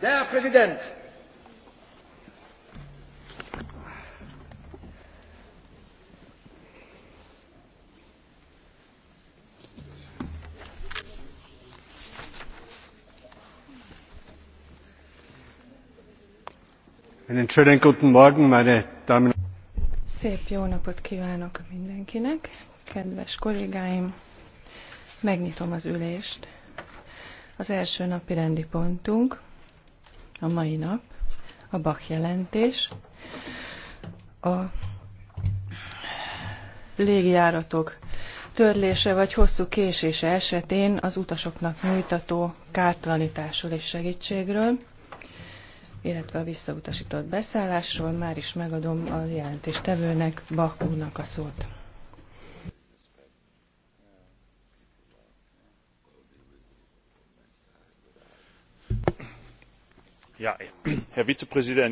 Der Präsident! Einen schönen guten Morgen, meine Damen und Szép jó napot kívánok mindenkinek, kedves kollégáim! Megnyitom az ülést. Az első napi rendi pontunk a mai nap, a Bach jelentés, a légjáratok törlése vagy hosszú késése esetén az utasoknak nyújtató kártalanításról és segítségről, illetve a visszautasított beszállásról már is megadom a jelentéstevőnek, Bakúnak a szót. herr vizepräsident!